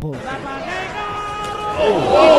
Oh.